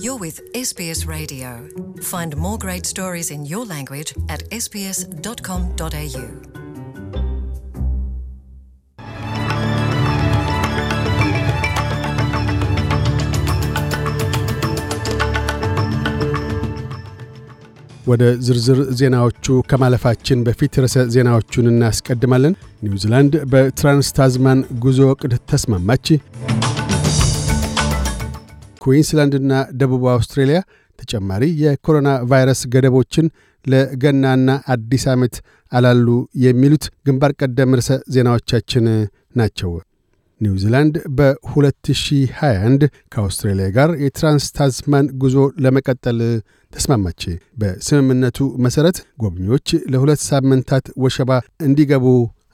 You're with SBS Radio. Find more great stories in your language at sbs.com.au. ወደ ዝርዝር ዜናዎቹ ከማለፋችን በፊት ርዕሰ ዜናዎቹን እናስቀድማለን። ኒውዚላንድ በትራንስታዝማን ጉዞ ዕቅድ ተስማማች። ኩዊንስላንድና ደቡብ አውስትሬልያ ተጨማሪ የኮሮና ቫይረስ ገደቦችን ለገናና አዲስ ዓመት አላሉ የሚሉት ግንባር ቀደም ርዕሰ ዜናዎቻችን ናቸው። ኒውዚላንድ በ2021 ከአውስትራሊያ ጋር የትራንስታዝማን ጉዞ ለመቀጠል ተስማማች። በስምምነቱ መሠረት ጎብኚዎች ለሁለት ሳምንታት ወሸባ እንዲገቡ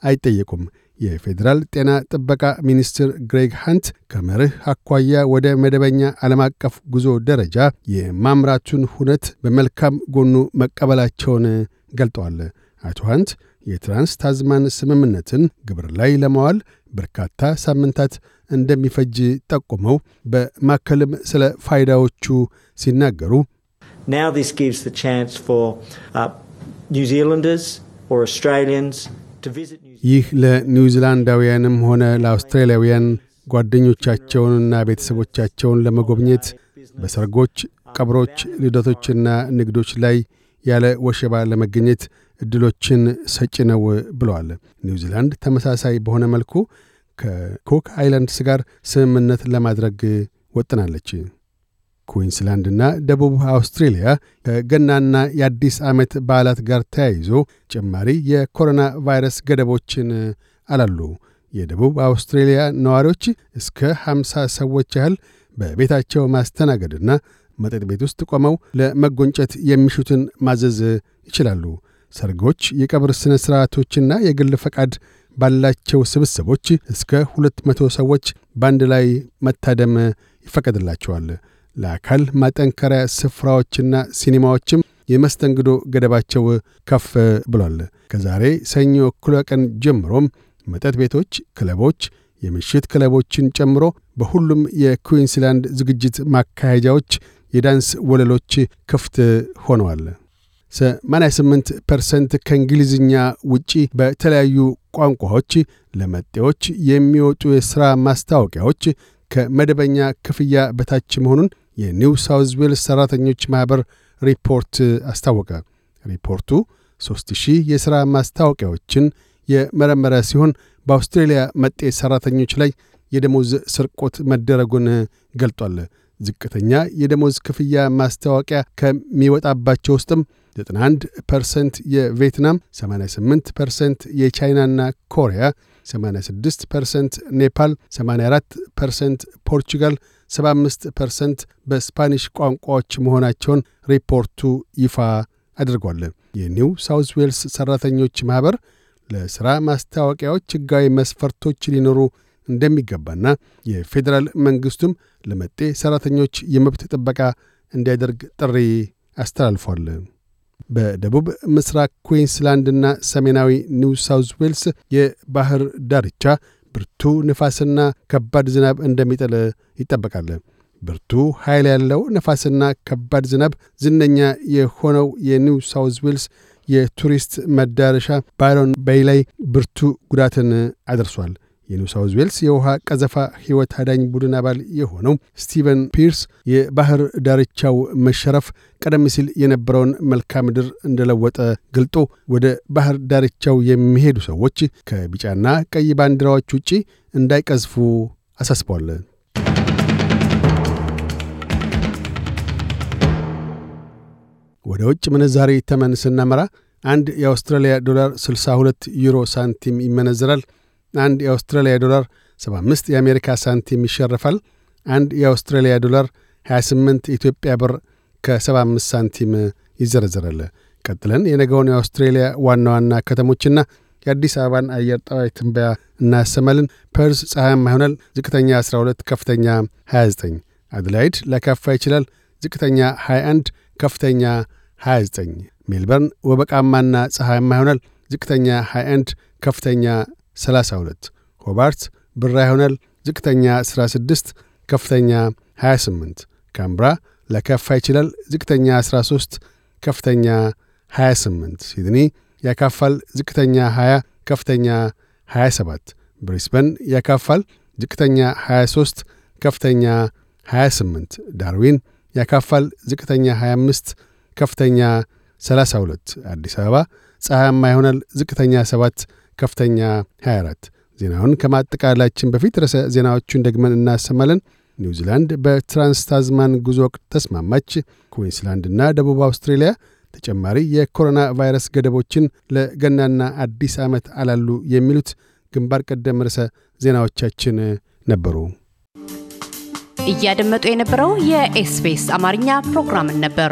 አይጠየቁም። የፌዴራል ጤና ጥበቃ ሚኒስትር ግሬግ ሃንት ከመርህ አኳያ ወደ መደበኛ ዓለም አቀፍ ጉዞ ደረጃ የማምራቱን ሁነት በመልካም ጎኑ መቀበላቸውን ገልጠዋል። አቶ ሃንት የትራንስ ታዝማን ስምምነትን ግብር ላይ ለማዋል በርካታ ሳምንታት እንደሚፈጅ ጠቁመው በማከልም ስለ ፋይዳዎቹ ሲናገሩ ኒው this gives the ይህ ለኒውዚላንዳውያንም ሆነ ለአውስትራሊያውያን ጓደኞቻቸውንና ቤተሰቦቻቸውን ለመጎብኘት በሰርጎች፣ ቀብሮች፣ ልደቶችና ንግዶች ላይ ያለ ወሸባ ለመገኘት እድሎችን ሰጪ ነው ብለዋል። ኒውዚላንድ ተመሳሳይ በሆነ መልኩ ከኮክ አይላንድስ ጋር ስምምነት ለማድረግ ወጥናለች። እና ደቡብ አውስትሬልያ ከገናና የአዲስ ዓመት በዓላት ጋር ተያይዞ ጭማሪ የኮሮና ቫይረስ ገደቦችን አላሉ። የደቡብ አውስትሬልያ ነዋሪዎች እስከ 50 ሰዎች ያህል በቤታቸው ማስተናገድና መጠጥ ቤት ውስጥ ቆመው ለመጎንጨት የሚሹትን ማዘዝ ይችላሉ። ሰርጎች፣ የቀብር ሥነ ሥርዓቶችና የግል ፈቃድ ባላቸው ስብስቦች እስከ 200 ሰዎች በአንድ ላይ መታደም ይፈቀድላቸዋል። ለአካል ማጠንከሪያ ስፍራዎችና ሲኒማዎችም የመስተንግዶ ገደባቸው ከፍ ብሏል። ከዛሬ ሰኞ እኩለ ቀን ጀምሮም መጠጥ ቤቶች፣ ክለቦች፣ የምሽት ክለቦችን ጨምሮ በሁሉም የኩዊንስላንድ ዝግጅት ማካሄጃዎች የዳንስ ወለሎች ክፍት ሆነዋል። 88 ፐርሰንት ከእንግሊዝኛ ውጪ በተለያዩ ቋንቋዎች ለመጤዎች የሚወጡ የሥራ ማስታወቂያዎች ከመደበኛ ክፍያ በታች መሆኑን የኒው ሳውዝ ዌልስ ሠራተኞች ማኅበር ሪፖርት አስታወቀ። ሪፖርቱ ሺህ የሥራ ማስታወቂያዎችን የመረመረ ሲሆን በአውስትሬልያ መጤ ሠራተኞች ላይ የደሞዝ ስርቆት መደረጉን ገልጧል። ዝቅተኛ የደሞዝ ክፍያ ማስታወቂያ ከሚወጣባቸው ውስጥም 91 ፐርሰንት የቪየትናም፣ 88 ፐርሰንት የቻይናና ኮሪያ፣ 86 ፐርሰንት ኔፓል፣ 84 ፐርሰንት ፖርቹጋል፣ 75 ፐርሰንት በስፓኒሽ ቋንቋዎች መሆናቸውን ሪፖርቱ ይፋ አድርጓል። የኒው ሳውዝ ዌልስ ሠራተኞች ማኅበር ለሥራ ማስታወቂያዎች ሕጋዊ መስፈርቶች ሊኖሩ እንደሚገባና የፌዴራል መንግሥቱም ለመጤ ሠራተኞች የመብት ጥበቃ እንዲያደርግ ጥሪ አስተላልፏል። በደቡብ ምስራቅ ኩዊንስላንድና ሰሜናዊ ኒው ሳውዝ ዌልስ የባህር ዳርቻ ብርቱ ንፋስና ከባድ ዝናብ እንደሚጥል ይጠበቃል። ብርቱ ኃይል ያለው ነፋስና ከባድ ዝናብ ዝነኛ የሆነው የኒው ሳውዝ ዌልስ የቱሪስት መዳረሻ ባሮን ቤይ ላይ ብርቱ ጉዳትን አድርሷል። የኒው ሳውዝ ዌልስ የውሃ ቀዘፋ ሕይወት አዳኝ ቡድን አባል የሆነው ስቲቨን ፒርስ የባህር ዳርቻው መሸረፍ ቀደም ሲል የነበረውን መልካ ምድር እንደለወጠ ገልጦ ወደ ባህር ዳርቻው የሚሄዱ ሰዎች ከቢጫና ቀይ ባንዲራዎች ውጪ እንዳይቀዝፉ አሳስቧል። ወደ ውጭ ምንዛሪ ተመን ስናመራ አንድ የአውስትራሊያ ዶላር 62 ዩሮ ሳንቲም ይመነዝራል። አንድ የአውስትራሊያ ዶላር 75 የአሜሪካ ሳንቲም ይሸርፋል። አንድ የአውስትራሊያ ዶላር 28 ኢትዮጵያ ብር ከ75 ሳንቲም ይዘረዘራል። ቀጥለን የነገውን የአውስትሬሊያ ዋና ዋና ከተሞችና የአዲስ አበባን አየር ጠባይ ትንበያ እናሰማልን። ፐርስ ፀሐያማ ይሆናል። ዝቅተኛ 12፣ ከፍተኛ 29። አድላይድ ላካፋ ይችላል። ዝቅተኛ 21፣ ከፍተኛ 29። ሜልበርን ወበቃማና ፀሐያማ ይሆናል። ዝቅተኛ 21፣ ከፍተኛ 32 ሆባርት ብራ ይሆናል። ዝቅተኛ 16 ከፍተኛ 28 ካምብራ ለካፋ ይችላል። ዝቅተኛ 13 ከፍተኛ 28 ሲድኒ ያካፋል። ዝቅተኛ 20 ከፍተኛ 27 ብሪስበን ያካፋል። ዝቅተኛ 23 ከፍተኛ 28 ዳርዊን ያካፋል። ዝቅተኛ 25 ከፍተኛ 32 አዲስ አበባ ፀሐያማ ይሆናል። ዝቅተኛ 7 ከፍተኛ 24 ዜናውን ከማጠቃላችን በፊት ረዕሰ ዜናዎቹን ደግመን እናሰማለን። ኒውዚላንድ በትራንስታዝማን ጉዞ ወቅት ተስማማች። ኩዊንስላንድና ደቡብ አውስትሬልያ ተጨማሪ የኮሮና ቫይረስ ገደቦችን ለገናና አዲስ ዓመት አላሉ። የሚሉት ግንባር ቀደም ርዕሰ ዜናዎቻችን ነበሩ። እያደመጡ የነበረው የኤስፔስ አማርኛ ፕሮግራምን ነበር።